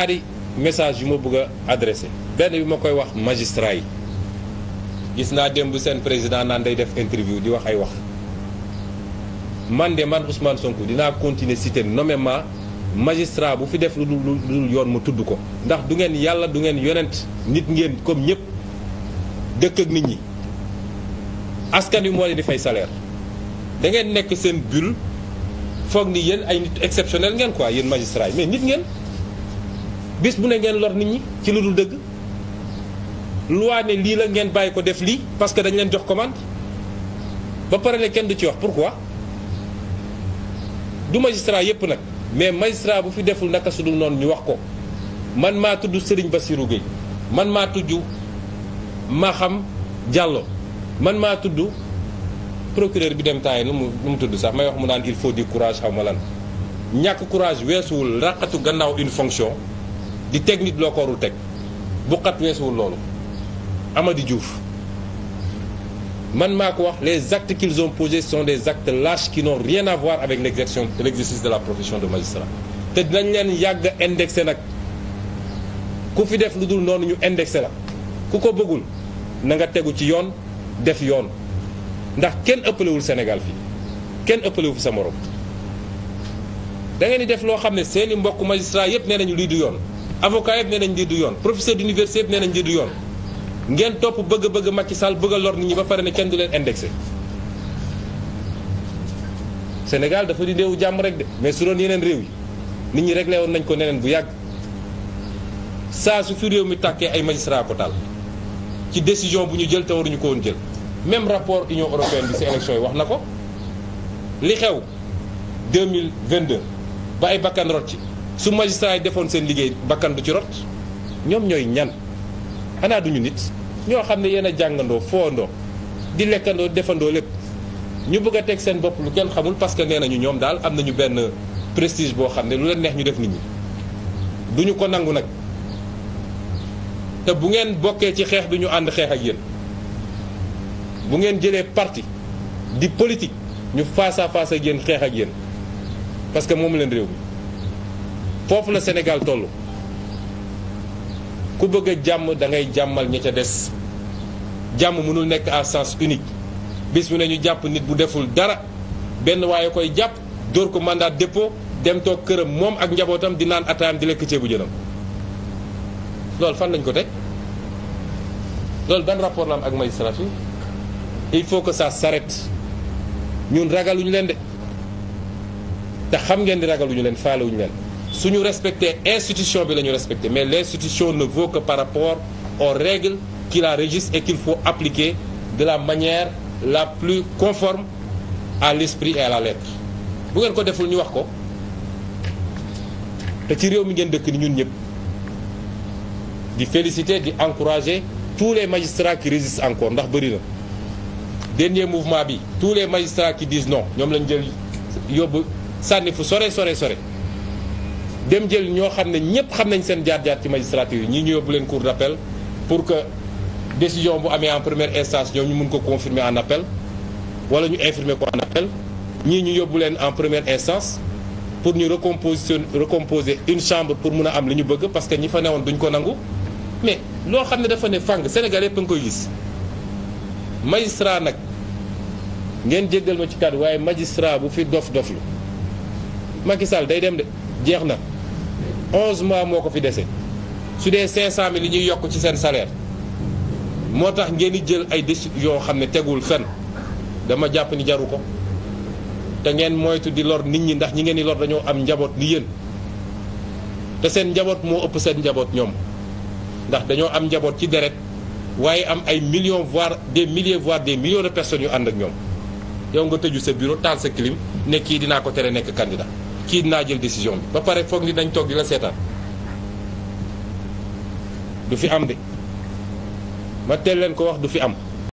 ñaari message yu ma bëgg a adressé benn bi ma koy wax magistrat gis naa démb seen président naan day def interview di wax ay wax man de man Ousmane Sonko dinaa continuer citer nommément magistra bu fi def lu dul yoon mu tudd ko ndax du ngeen yàlla du ngeen yonent nit ngeen comme ñëpp dëkk ak nit ñi askan wi moo leen di fay salaire da ngeen nekk seen bulle foog ni yéen ay nit exceptionnel ngeen ko yéen magistrat yi mais nit ngeen bis bu ne ngeen lor nit ñi ci lu dul dëgg loi ne lii la ngeen bàyyi ko def lii parce que dañ leen jox commande ba pare ne kenn du ci wax pour pourquoi du magistrat yépp nag mais magistrat bu fi deful naka su noonu ñu wax ko man maa tudd Serigne Bassirou Gueye man maa tudd xam jàlloo man maa tudd procureur bi dem taay nu mu nu mu tudd sax may wax mu naan il faut di courage xaw ma lan ñàkk courage weesuwul raqatu gannaaw une fonction di teg nit loo ko warul teg bu weesuwul loolu Amady Diouf man maa ko wax les actes qu'ils ont son sont des actes ki qui n'ont rien à voir avec l'exercice l'exercice de la profession de magistrat te dinañ leen yàgg indexé nag ku fi def lu dul noonu ñu indexé la ku ko bëggul na nga tegu ci yoon def yoon ndax kenn ëppalewul senegal fii kenn ëppalewu fi sa morom da ngeen di def loo xam ne seeni mbokk magistrat yépp nee nañu lii du yoon avocat yëpp nee nañ lii du yoon professeur d'université yëpp nee nañ lii du yoon ngeen topp bëgg bëgg Macky Sall bëgg a lor nit ñi ba pare ne kenn du leen indexé. Sénégal dafa di jàmm rek de mais su doon yeneen réew yi nit ñi réglé woon nañ ko neneen bu yàgg saa su fi réew mi tàkkee ay magistrat ko taal ci décision bu ñu jël te waruñu ko woon jël même rapport Union européenne bi si élection yi wax na ko li xew 2022 ba ay bakkan rot ci su magistrat yi defoon seen liggéey bakkan du ci rot ñoom ñooy ñan xanaa duñu nit ñoo xam ne yéen a jàngandoo foondoo di lekkandoo defandoo lépp ñu bëgg a teg seen bopp lu kenn xamul parce que nee nañu ñoom daal am nañu benn prestige boo xam ne lu leen neex ñu def nit ñi duñu ko nangu nag te bu ngeen bokkee ci xeex bi ñu ànd xeex ak yéen bu ngeen jëlee parti di politique ñu face à face ak xeex ak yéen parce que moom leen réew mi foofu la senegal toll ku bëgg jàmm dangay jàmmal ña ca des jàmm mënul nekk à sens unique bis mu ne ñu jàpp nit bu deful dara benn waaye koy jàpp dóor ko mandat dépôt dem toog këram moom ak njabootam di naan ataayam di lekk ceebu jënam loolu fan lañ ko teg loolu ban rapport la am ak magistrature il faut que ça saret ñun ragaluñu leen de te xam ngeen di ragaluñu leen faalewuñu leen suñu respecter institution bi la ñu respecter mais l'institution ne vaut que par rapport aux règles qui la régissent et qu'il faut appliquer de la manière la plus conforme à l'esprit et à la lettre bu ngeen ko deful ñu wax ko te ci réew mi ngeen dëkk ni ñun ñëpp di féliciter di encourager tous les magistrats qui résistent encore ndax bëri na dernier mouvement bi tous les magistrats qui disent non ñoom lañ jël yóbbu sànni fu sore sore sore dem jël ñoo xam ne ñëpp xam nañ seen jaar-jaar ci magistrature yi ñii ñu yóbbu leen cour d'appel pour que décision bu amee en première instance ñoom ñu mun ko confirmer en appel wala ñu infirmer ko en appel ñii ñu yóbbu leen en première instance pour ñu recomposition recomposer une chambre pour mun a am li ñu bëgg parce que ñi fa newoon duñ ko nangu mais loo xam ne dafa ne fàng Sénégal yëpp nga koy gis magistrat nag ngeen jéggal ma ci kàddu waaye magistrat bu fi dof doflu Macky day dem de jeex na 11 mois moo ko fi dese su dee 500000 li ñuy yokk ci seen salaire moo tax ngeen di jël ay décisions yoo xam ne tegul fen dama jàpp ni jaru ko te ngeen moytu di lor nit ñi ndax ñi ngeen di lor dañoo am njaboot li yéen te seen njaboot moo ëpp seen njaboot ñoom ndax dañoo am njaboot ci deret waaye am ay millions voire des milliers voire des millions de personnes yu ànd ak ñoom yow nga tëju sa bureau taal sa clim ne kii dinaa ko tere nekk candidat kii naa jël décision bi ba pare foog ni dañ toog di la seetaan du fi am de ma teel leen ko wax du fi am